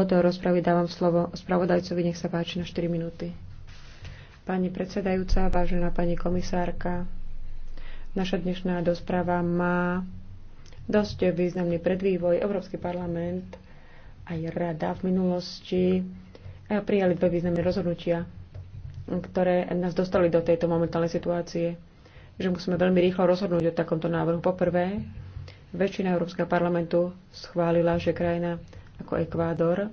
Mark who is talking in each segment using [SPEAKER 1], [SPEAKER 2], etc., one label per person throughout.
[SPEAKER 1] Do rozpravy dávam slovo spravodajcovi. Nech sa páči na 4 minúty. Pani predsedajúca, vážená pani komisárka, naša dnešná rozprava má dosť významný predvývoj. Európsky parlament aj rada v minulosti eh, prijali dve významné rozhodnutia, ktoré nás dostali do tejto momentálnej situácie, že musíme veľmi rýchlo rozhodnúť o takomto návrhu. Poprvé, väčšina Európskeho parlamentu schválila, že krajina ako Ekvádor,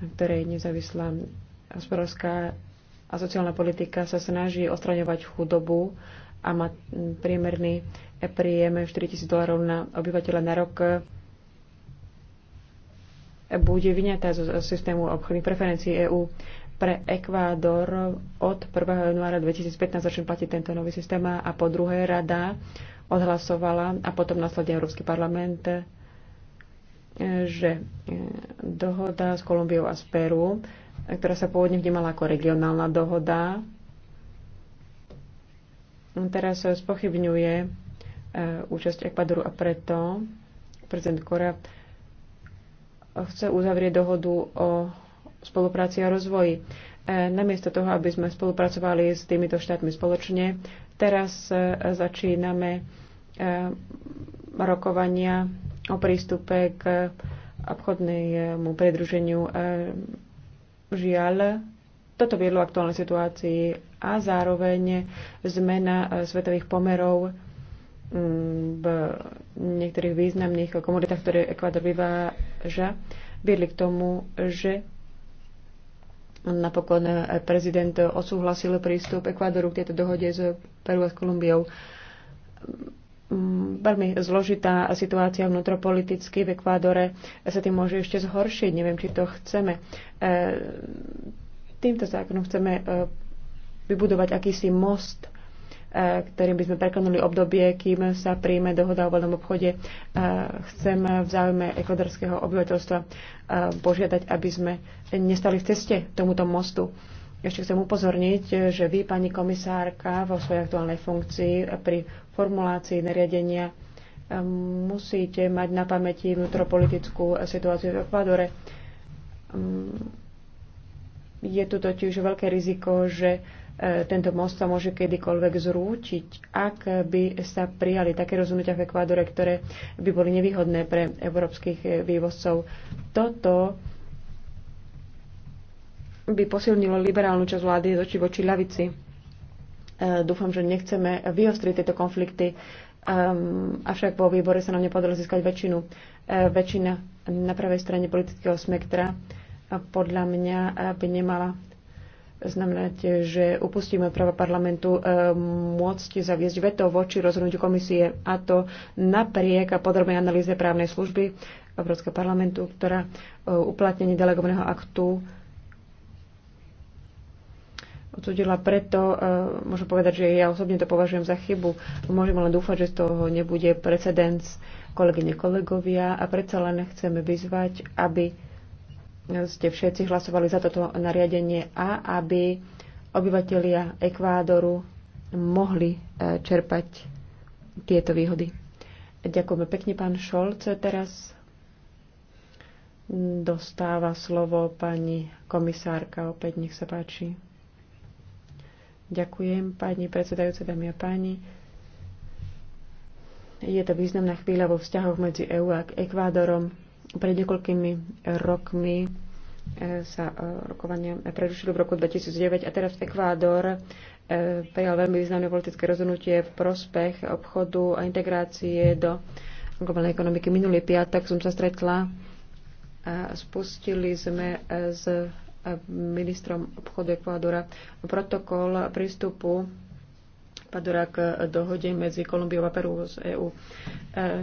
[SPEAKER 1] na ktorej nezávislá hospodárska a sociálna politika sa snaží ostraňovať chudobu a má priemerný príjem 4000 dolárov na obyvateľa na rok bude vyňatá zo systému obchodných preferencií EÚ pre Ekvádor od 1. januára 2015 začne platiť tento nový systém a po druhé rada odhlasovala a potom následne Európsky parlament že e, dohoda s Kolumbiou a z Peru, ktorá sa pôvodne vnímala ako regionálna dohoda, no, teraz spochybňuje e, účasť Ekvadoru a preto prezident Kora chce uzavrieť dohodu o spolupráci a rozvoji. E, namiesto toho, aby sme spolupracovali s týmito štátmi spoločne, teraz začíname rokovania o prístupe k obchodnému predruženiu. E, žiaľ, toto viedlo aktuálnej situácii a zároveň zmena e, svetových pomerov v niektorých významných komoditách, ktoré Ekvador vyváža, viedli k tomu, že napokon prezident odsúhlasil prístup Ekvadoru k tejto dohode s Peru a s Kolumbiou Mm, veľmi zložitá situácia vnútropoliticky v Ekvádore sa tým môže ešte zhoršiť. Neviem, či to chceme. E, týmto zákonom chceme e, vybudovať akýsi most, e, ktorým by sme prekonali obdobie, kým sa príjme dohoda o voľnom obchode. Chcem v záujme ekvadorského obyvateľstva požiadať, aby sme nestali v ceste tomuto mostu. Ešte chcem upozorniť, že vy, pani komisárka, vo svojej aktuálnej funkcii pri formulácii nariadenia ehm, musíte mať na pamäti vnútropolitickú situáciu v Ekvádore. Ehm, je tu totiž veľké riziko, že eh, tento most sa môže kedykoľvek zrútiť, ak by sa prijali také rozhodnutia v Ekvádore, ktoré by boli nevýhodné pre európskych eh, vývozcov. Toto by posilnilo liberálnu časť vlády z voči ľavici. E, dúfam, že nechceme vyostriť tieto konflikty, e, avšak po výbore sa nám nepodarilo získať väčšinu. E, väčšina na pravej strane politického spektra podľa mňa by nemala znamenať, že upustíme práva parlamentu môcť zaviesť veto voči rozhodnutiu komisie a to napriek podrobnej analýze právnej služby Európskeho parlamentu, ktorá uplatnenie delegovaného aktu odsudila. Preto e, môžem povedať, že ja osobne to považujem za chybu. Môžem len dúfať, že z toho nebude precedens kolegyne kolegovia a predsa len chceme vyzvať, aby ste všetci hlasovali za toto nariadenie a aby obyvatelia Ekvádoru mohli e, čerpať tieto výhody. Ďakujeme pekne, pán Šolc. Teraz dostáva slovo pani komisárka. Opäť nech sa páči. Ďakujem, pani predsedajúce, dámy a páni. Je to významná chvíľa vo vzťahoch medzi EU a Ekvádorom. Pred niekoľkými rokmi e, sa e, rokovania prerušili v roku 2009 a teraz Ekvádor e, prijal veľmi významné politické rozhodnutie v prospech obchodu a integrácie do globálnej ekonomiky. Minulý piatok som sa stretla a spustili sme z ministrom obchodu Ekvádora protokol prístupu Ekvádora k dohode medzi Kolumbiou a Peru z EÚ. E,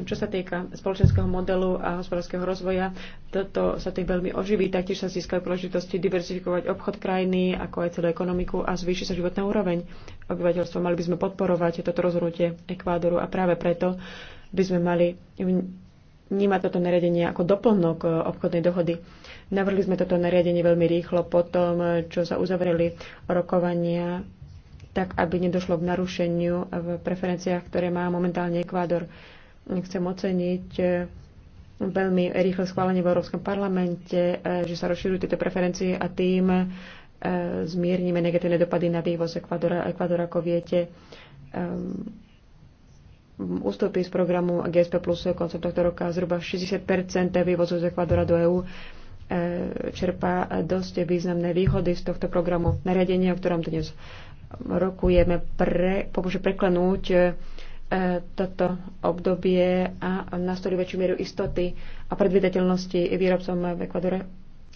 [SPEAKER 1] čo sa týka spoločenského modelu a hospodárskeho rozvoja, toto sa tým veľmi oživí, taktiež sa získajú príležitosti diverzifikovať obchod krajiny, ako aj celú ekonomiku a zvýši sa životná úroveň obyvateľstva. Mali by sme podporovať toto rozhodnutie Ekvádoru a práve preto by sme mali vníma toto nariadenie ako doplnok e, obchodnej dohody. Navrhli sme toto nariadenie veľmi rýchlo po tom, e, čo sa uzavreli rokovania, tak aby nedošlo k narušeniu v preferenciách, ktoré má momentálne Ekvádor. Chcem oceniť e, veľmi rýchle schválenie v Európskom parlamente, že sa rozširujú tieto preferencie a tým zmiernime negatívne dopady na vývoz Ekvádora. Ekvádor, ako viete, ehm, ustúpi z programu GSP Plus koncom tohto roka. Zhruba 60 vývozu z Ekvadora do EÚ e, čerpá dosť významné výhody z tohto programu. nariadenia, o ktorom dnes rokujeme, pre, pomôže preklenúť e, toto obdobie a nastoli väčšiu mieru istoty a predvydateľnosti výrobcom v Ekvadore,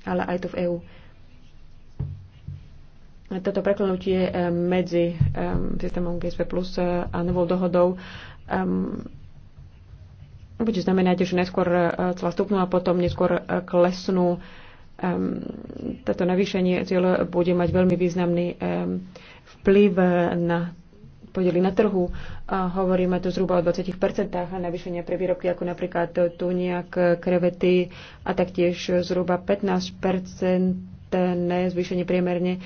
[SPEAKER 1] ale aj tu v EÚ. Toto preklenutie e, medzi systémom GSP Plus a novou dohodou um, bude znamenať, že neskôr e, cla stupnú a potom neskôr e, klesnú. Um, toto navýšenie cieľ bude mať veľmi významný um, vplyv na podeli na trhu. A hovoríme tu zhruba o 20% navýšenia pre výrobky ako napríklad tuniak, krevety a taktiež zhruba 15% zvýšenie priemerne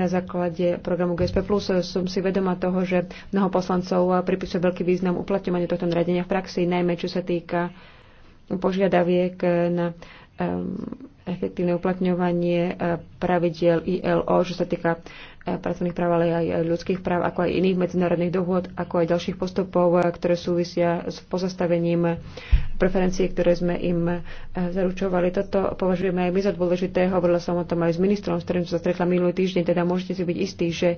[SPEAKER 1] na základe programu GSP+. Som si vedoma toho, že mnoho poslancov pripisuje veľký význam uplatňovania tohto nariadenia v praxi, najmä čo sa týka požiadaviek na efektívne uplatňovanie e, pravidiel ILO, čo sa týka e, pracovných práv, ale aj ľudských práv, ako aj iných medzinárodných dohôd, ako aj ďalších postupov, e, ktoré súvisia s pozastavením preferencií, ktoré sme im zaručovali. Toto považujeme aj my za dôležité. Hovorila som o tom aj s ministrom, s ktorým som sa stretla minulý týždeň, teda môžete si byť istí, že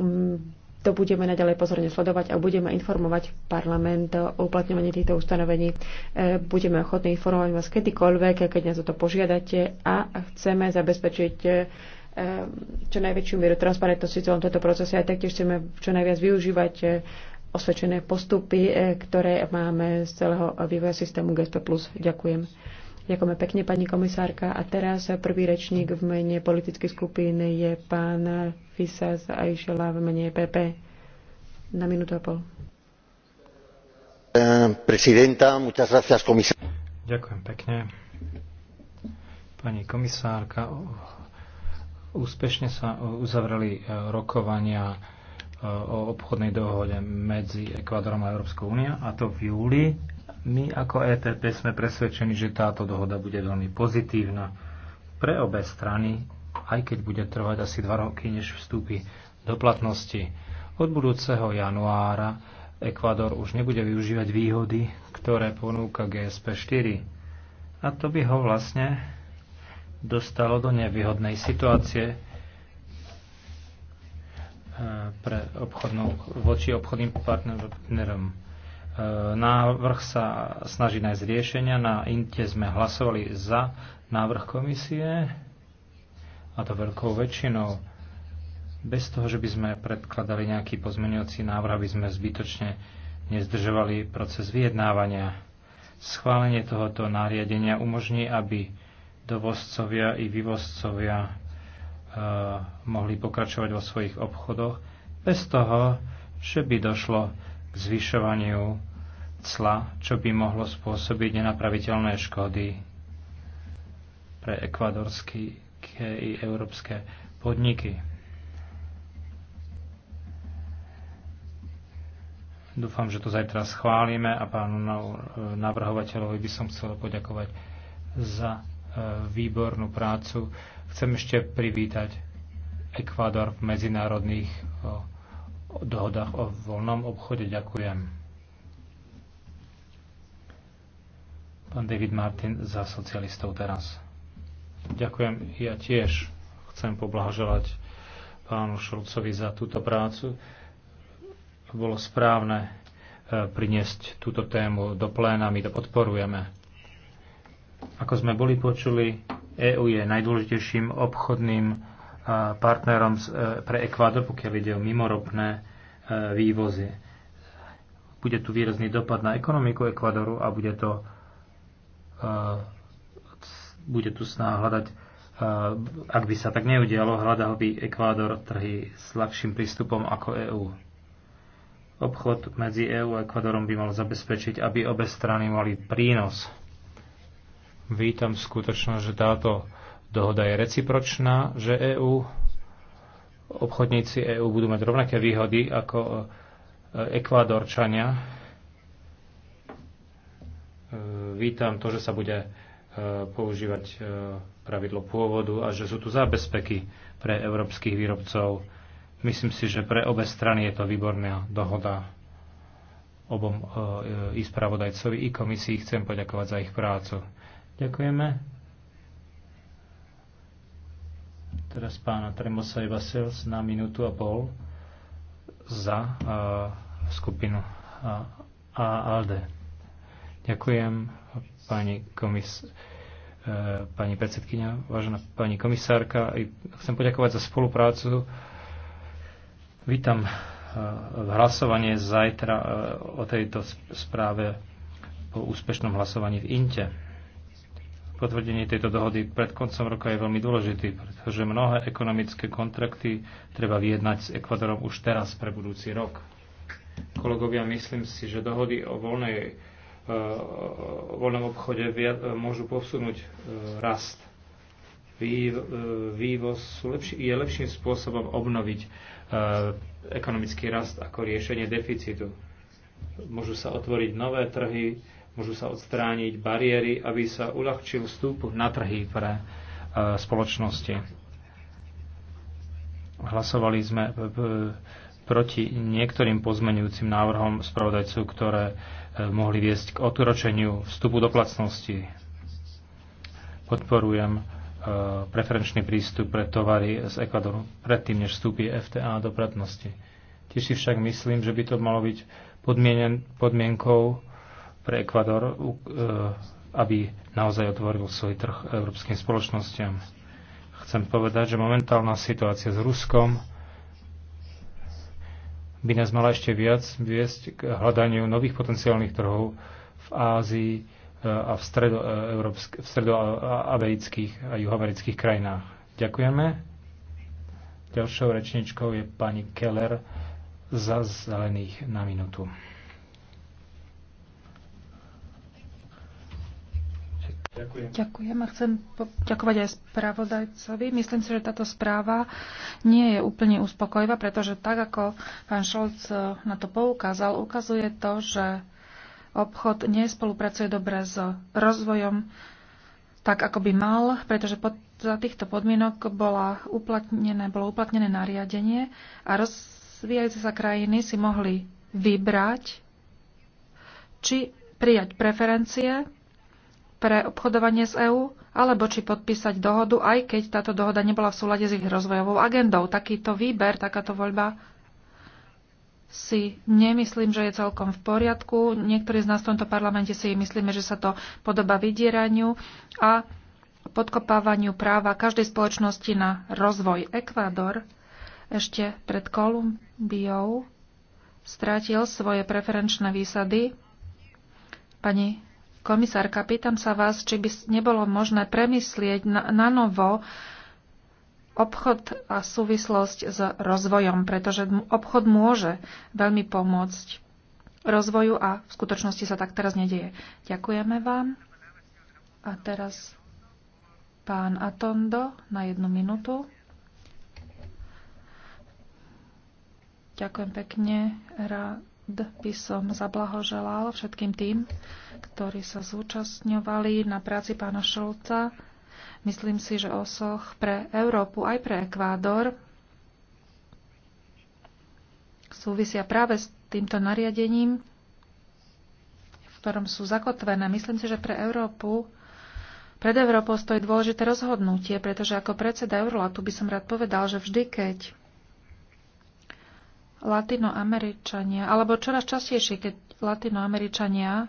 [SPEAKER 1] mm, to budeme naďalej pozorne sledovať a budeme informovať parlament o uplatňovaní týchto ustanovení. E, budeme ochotní informovať vás kedykoľvek, keď nás o to požiadate a chceme zabezpečiť e, čo najväčšiu mieru transparentnosti v celom tomto procese a taktiež chceme čo najviac využívať e, osvedčené postupy, ktoré máme z celého vývoja systému GSP+. Ďakujem. Ďakujeme pekne, pani komisárka. A teraz prvý rečník v mene politickej skupiny je pán Fisas Aišela v mene PP. E Na minútu a pol. Eh, Prezidenta, muchas gracias, komisár.
[SPEAKER 2] Ďakujem pekne. Pani komisárka, úspešne sa uzavreli eh, rokovania eh, o obchodnej dohode medzi Ekvádorom a Európskou úniou, a to v júli my ako EPP sme presvedčení, že táto dohoda bude veľmi pozitívna pre obe strany, aj keď bude trvať asi dva roky, než vstúpi do platnosti. Od budúceho januára Ekvador už nebude využívať výhody, ktoré ponúka GSP 4. A to by ho vlastne dostalo do nevýhodnej situácie e, pre obchodnú, voči obchodným partnerom E, návrh sa snaží nájsť riešenia. Na INTE sme hlasovali za návrh komisie a to veľkou väčšinou. Bez toho, že by sme predkladali nejaký pozmeňovací návrh, aby sme zbytočne nezdržovali proces vyjednávania. Schválenie tohoto nariadenia umožní, aby dovozcovia i vyvozcovia e, mohli pokračovať vo svojich obchodoch bez toho, že by došlo k zvyšovaniu cla, čo by mohlo spôsobiť nenapraviteľné škody pre ekvadorské i európske podniky. Dúfam, že to zajtra schválime a pánu navrhovateľovi by som chcel poďakovať za e, výbornú prácu. Chcem ešte privítať Ekvador v medzinárodných dohodách o voľnom obchode. Ďakujem. Pán David Martin za socialistov teraz. Ďakujem. Ja tiež chcem poblahoželať pánu Šulcovi za túto prácu. Bolo správne e, priniesť túto tému do pléna. My to podporujeme. Ako sme boli počuli, EÚ je najdôležitejším obchodným partnerom e, pre Ekvádor, pokiaľ ide o mimoropné e, vývozy. Bude tu výrazný dopad na ekonomiku Ekvádoru a bude, to, e, bude tu snaha hľadať, ak by sa tak neudialo, hľadal by Ekvádor trhy s ľahším prístupom ako EÚ. Obchod medzi EÚ a Ekvadorom by mal zabezpečiť, aby obe strany mali prínos. Vítam skutočnosť, že táto Dohoda je recipročná, že EÚ, obchodníci EU budú mať rovnaké výhody ako e, Ekvádorčania. E, vítam to, že sa bude e, používať pravidlo pôvodu a že sú tu zábezpeky pre európskych výrobcov. Myslím si, že pre obe strany je to výborná dohoda. Obom i spravodajcovi, i komisii chcem poďakovať za ich prácu. Ďakujeme. Teraz pána Tremosa Vasils na minútu a pol za a, skupinu a, a ALDE. Ďakujem, pani komis e, pani predsedkynia, vážená pani komisárka. Chcem poďakovať za spoluprácu. Vítam e, hlasovanie zajtra e, o tejto správe po úspešnom hlasovaní v Inte. Potvrdenie tejto dohody pred koncom roka je veľmi dôležitý, pretože mnohé ekonomické kontrakty treba vyjednať s Ekvadorom už teraz pre budúci rok. Kolegovia, myslím si, že dohody o voľnej e, o voľnom obchode e, môžu posunúť e, rast. Vývoz je lepším spôsobom obnoviť ekonomický rast ako riešenie deficitu. Môžu sa otvoriť nové trhy, Môžu sa odstrániť bariéry, aby sa uľahčil vstup na trhy pre e, spoločnosti. Hlasovali sme e, e, proti niektorým pozmenujúcim návrhom spravodajcu, ktoré mohli viesť k odročeniu vstupu do placnosti. Podporujem preferenčný prístup pre tovary z Ekvadoru predtým, než vstúpi FTA do platnosti. Tiež si však myslím, že by to malo byť podmienkou pre Ekvador, e, aby naozaj otvoril svoj trh európskym spoločnosťam. Chcem povedať, že momentálna situácia s Ruskom by nás mala ešte viac viesť k hľadaniu nových potenciálnych trhov v Ázii e, a v, stredo, e, v stredoamerických a juhoamerických krajinách. Ďakujeme. Ďalšou rečničkou je pani Keller za zelených na minútu.
[SPEAKER 1] Ďakujem.
[SPEAKER 3] Ďakujem a chcem ďakovať aj spravodajcovi. Myslím si, že táto správa nie je úplne uspokojivá, pretože tak, ako pán Šolc e, na to poukázal, ukazuje to, že obchod nespolupracuje dobre s rozvojom tak, ako by mal, pretože pod, za týchto podmienok bola uplatnené, bolo uplatnené nariadenie a rozvíjajúce sa krajiny si mohli vybrať, či prijať preferencie pre obchodovanie s EÚ, alebo či podpísať dohodu, aj keď táto dohoda nebola v súlade s ich rozvojovou agendou. Takýto výber, takáto voľba si nemyslím, že je celkom v poriadku. Niektorí z nás v tomto parlamente si myslíme, že sa to podoba vydieraniu a podkopávaniu práva každej spoločnosti na rozvoj. Ekvádor ešte pred Kolumbiou strátil svoje preferenčné výsady. Pani komisárka, pýtam sa vás, či by nebolo možné premyslieť na, na novo obchod a súvislosť s rozvojom, pretože obchod môže veľmi pomôcť rozvoju a v skutočnosti sa tak teraz nedieje. Ďakujeme vám. A teraz pán Atondo na jednu minútu. Ďakujem pekne by som zablahoželal všetkým tým, ktorí sa zúčastňovali na práci pána Šolca. Myslím si, že osoch pre Európu aj pre Ekvádor súvisia práve s týmto nariadením, v ktorom sú zakotvené. Myslím si, že pre Európu pred Európou stojí dôležité rozhodnutie, pretože ako predseda Eurolatu by som rád povedal, že vždy, keď Latinoameričania, alebo čoraz častejšie, keď Latinoameričania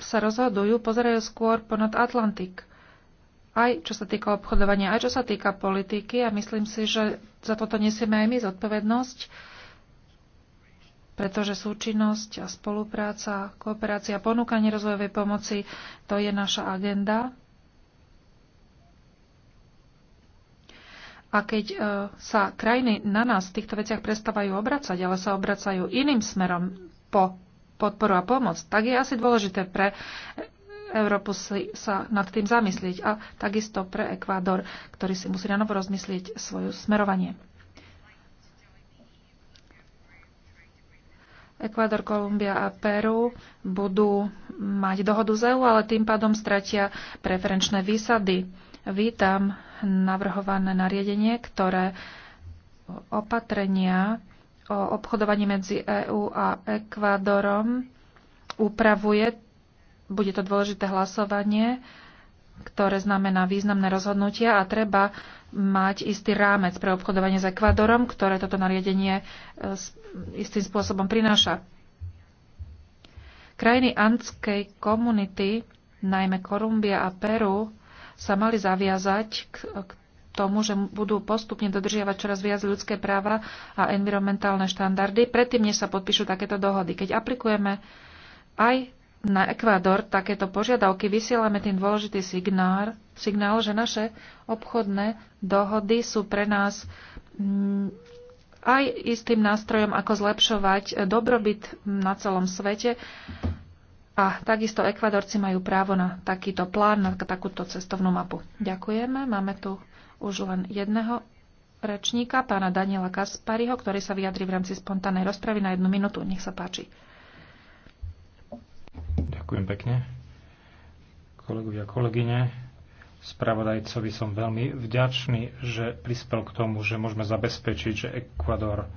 [SPEAKER 3] sa rozhodujú, pozerajú skôr ponad Atlantik. Aj čo sa týka obchodovania, aj čo sa týka politiky a myslím si, že za toto nesieme aj my zodpovednosť, pretože súčinnosť a spolupráca, kooperácia, ponúkanie rozvojovej pomoci, to je naša agenda A keď e, sa krajiny na nás v týchto veciach prestávajú obracať, ale sa obracajú iným smerom po podporu a pomoc, tak je asi dôležité pre Európu si sa nad tým zamyslieť a takisto pre Ekvádor, ktorý si musí na novo rozmyslieť svoje smerovanie. Ekvádor, Kolumbia a Peru budú mať dohodu z EU, ale tým pádom stratia preferenčné výsady Vítam navrhované nariadenie, ktoré opatrenia o obchodovaní medzi EÚ a Ekvádorom upravuje. Bude to dôležité hlasovanie, ktoré znamená významné rozhodnutia a treba mať istý rámec pre obchodovanie s Ekvádorom, ktoré toto nariadenie e, istým spôsobom prináša. Krajiny andskej komunity, najmä Kolumbia a Peru, sa mali zaviazať k, k tomu, že budú postupne dodržiavať čoraz viac ľudské práva a environmentálne štandardy, predtým, než sa podpíšu takéto dohody. Keď aplikujeme aj na Ekvádor takéto požiadavky, vysielame tým dôležitý signál, signál, že naše obchodné dohody sú pre nás mm, aj istým nástrojom, ako zlepšovať dobrobyt na celom svete a takisto Ekvadorci majú právo na takýto plán, na takúto cestovnú mapu. Ďakujeme. Máme tu už len jedného rečníka, pána Daniela Kaspariho, ktorý sa vyjadri v rámci spontánnej rozpravy na jednu minútu. Nech sa páči.
[SPEAKER 2] Ďakujem pekne. Kolegovia, kolegyne, spravodajcovi som veľmi vďačný, že prispel k tomu, že môžeme zabezpečiť, že Ekvador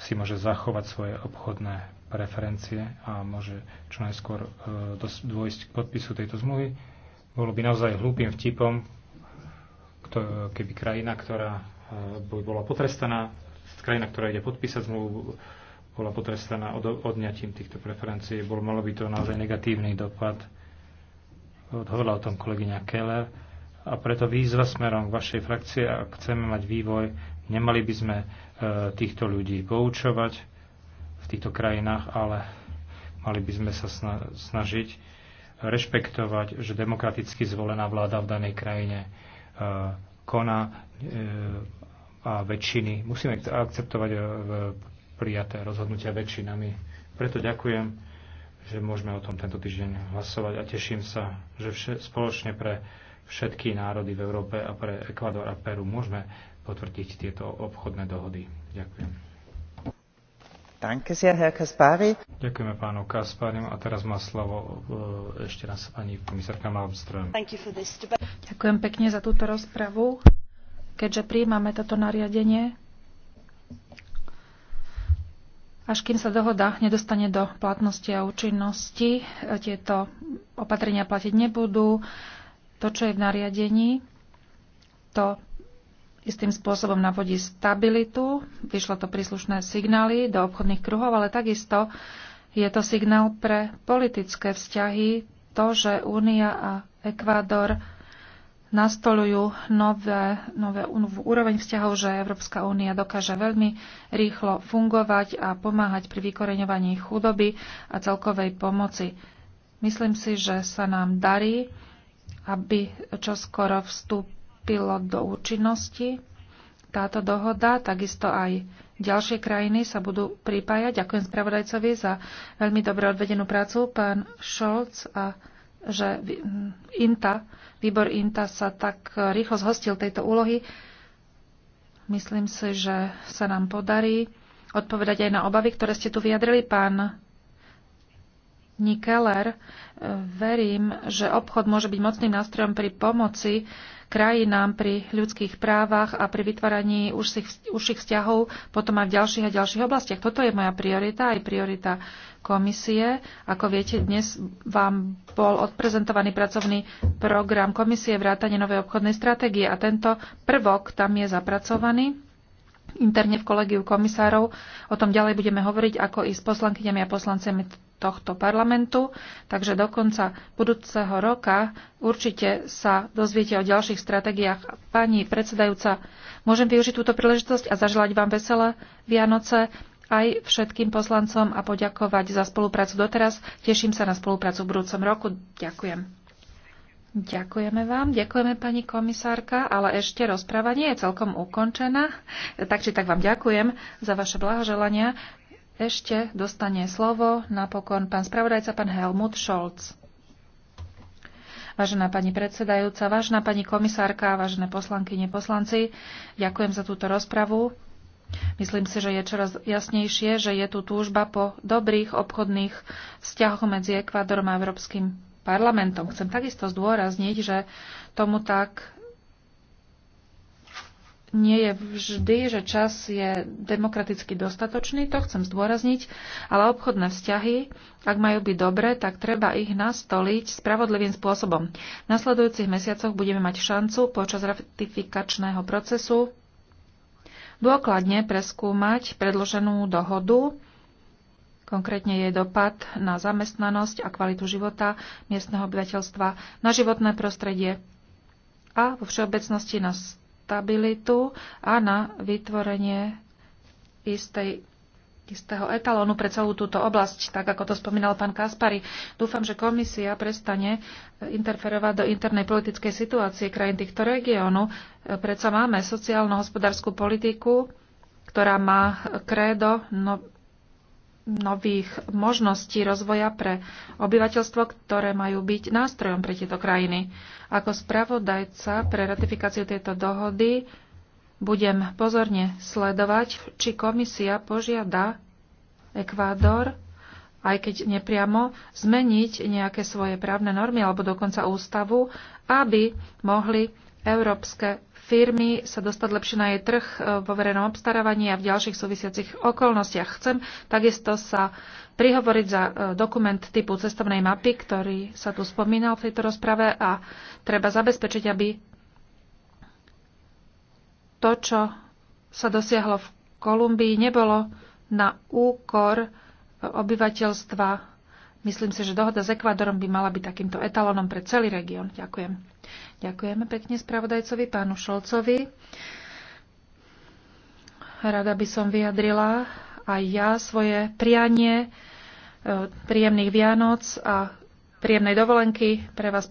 [SPEAKER 2] si môže zachovať svoje obchodné preferencie a môže čo najskôr e, dôjsť k podpisu tejto zmluvy. Bolo by naozaj hlúpým vtipom, keby krajina, ktorá e, by bola potrestaná, krajina, ktorá ide podpísať zmluvu, bola potrestaná odňatím týchto preferencií. Bol, malo by to naozaj negatívny dopad. Hovorila o tom kolegyňa Keller. A preto výzva smerom k vašej frakcie, ak chceme mať vývoj, nemali by sme e, týchto ľudí poučovať, v týchto krajinách, ale mali by sme sa snažiť rešpektovať, že demokraticky zvolená vláda v danej krajine e, koná e, a väčšiny. Musíme akceptovať e, prijaté rozhodnutia väčšinami. Preto ďakujem, že môžeme o tom tento týždeň hlasovať a teším sa, že vše, spoločne pre všetky národy v Európe a pre Ekvador a Peru môžeme potvrdiť tieto obchodné dohody. Ďakujem.
[SPEAKER 3] Ďakujeme
[SPEAKER 2] pánu Kasparimu a teraz má slovo e, ešte raz pani komisárka Malmström.
[SPEAKER 3] Ďakujem pekne za túto rozpravu. Keďže príjmame toto nariadenie, až kým sa dohoda nedostane do platnosti a účinnosti, e, tieto opatrenia platiť nebudú. To, čo je v nariadení, to istým spôsobom navodí stabilitu. Vyšlo to príslušné signály do obchodných kruhov, ale takisto je to signál pre politické vzťahy, to, že Únia a Ekvádor nastolujú nové, nové úroveň vzťahov, že Európska únia dokáže veľmi rýchlo fungovať a pomáhať pri vykoreňovaní chudoby a celkovej pomoci. Myslím si, že sa nám darí, aby čoskoro vstup vstúpilo do účinnosti táto dohoda, takisto aj ďalšie krajiny sa budú pripájať. Ďakujem spravodajcovi za veľmi dobre odvedenú prácu, pán Šolc, a že mm, INTA, výbor INTA sa tak rýchlo zhostil tejto úlohy. Myslím si, že sa nám podarí odpovedať aj na obavy, ktoré ste tu vyjadrili, pán Keller, e, verím, že obchod môže byť mocným nástrojom pri pomoci krajinám pri ľudských právach a pri vytváraní užších, užších vzťahov potom aj v ďalších a ďalších oblastiach. Toto je moja priorita, aj priorita komisie. Ako viete, dnes vám bol odprezentovaný pracovný program komisie vrátane novej obchodnej stratégie a tento prvok tam je zapracovaný interne v kolegiu komisárov. O tom ďalej budeme hovoriť, ako i s poslankyňami a poslancami tohto parlamentu, takže do konca budúceho roka určite sa dozviete o ďalších stratégiách. Pani predsedajúca, môžem využiť túto príležitosť a zaželať vám veselé Vianoce aj všetkým poslancom a poďakovať za spoluprácu doteraz. Teším sa na spoluprácu v budúcom roku. Ďakujem. Ďakujeme vám, ďakujeme pani komisárka, ale ešte rozprávanie je celkom ukončená. Tak či tak vám ďakujem za vaše blahoželania ešte dostane slovo napokon pán spravodajca, pán Helmut Scholz. Vážená pani predsedajúca, vážená pani komisárka, vážené poslankyne, poslanci, ďakujem za túto rozpravu. Myslím si, že je čoraz jasnejšie, že je tu túžba po dobrých obchodných vzťahoch medzi Ekvádorom a Európskym parlamentom. Chcem takisto zdôrazniť, že tomu tak nie je vždy, že čas je demokraticky dostatočný, to chcem zdôrazniť, ale obchodné vzťahy, ak majú byť dobré, tak treba ich nastoliť spravodlivým spôsobom. V nasledujúcich mesiacoch budeme mať šancu počas ratifikačného procesu dôkladne preskúmať predloženú dohodu, konkrétne jej dopad na zamestnanosť a kvalitu života miestneho obyvateľstva, na životné prostredie a vo všeobecnosti na stabilitu a na vytvorenie istej, istého etalónu pre celú túto oblasť, tak ako to spomínal pán Kaspari. Dúfam, že komisia prestane interferovať do internej politickej situácie krajín týchto regiónu. Prečo máme sociálno-hospodárskú politiku, ktorá má krédo no, nových možností rozvoja pre obyvateľstvo, ktoré majú byť nástrojom pre tieto krajiny. Ako spravodajca pre ratifikáciu tejto dohody budem pozorne sledovať, či komisia požiada Ekvádor, aj keď nepriamo, zmeniť nejaké svoje právne normy alebo dokonca ústavu, aby mohli európske firmy sa dostať lepšie na jej trh e, vo verejnom obstarávaní a v ďalších súvisiacich okolnostiach. Chcem takisto sa prihovoriť za e, dokument typu cestovnej mapy, ktorý sa tu spomínal v tejto rozprave a treba zabezpečiť, aby to, čo sa dosiahlo v Kolumbii, nebolo na úkor e, obyvateľstva Myslím si, že dohoda s Ekvádorom by mala byť takýmto etalonom pre celý región. Ďakujem. Ďakujeme pekne spravodajcovi, pánu Šolcovi. Rada by som vyjadrila aj ja svoje prianie e, príjemných Vianoc a príjemnej dovolenky pre vás,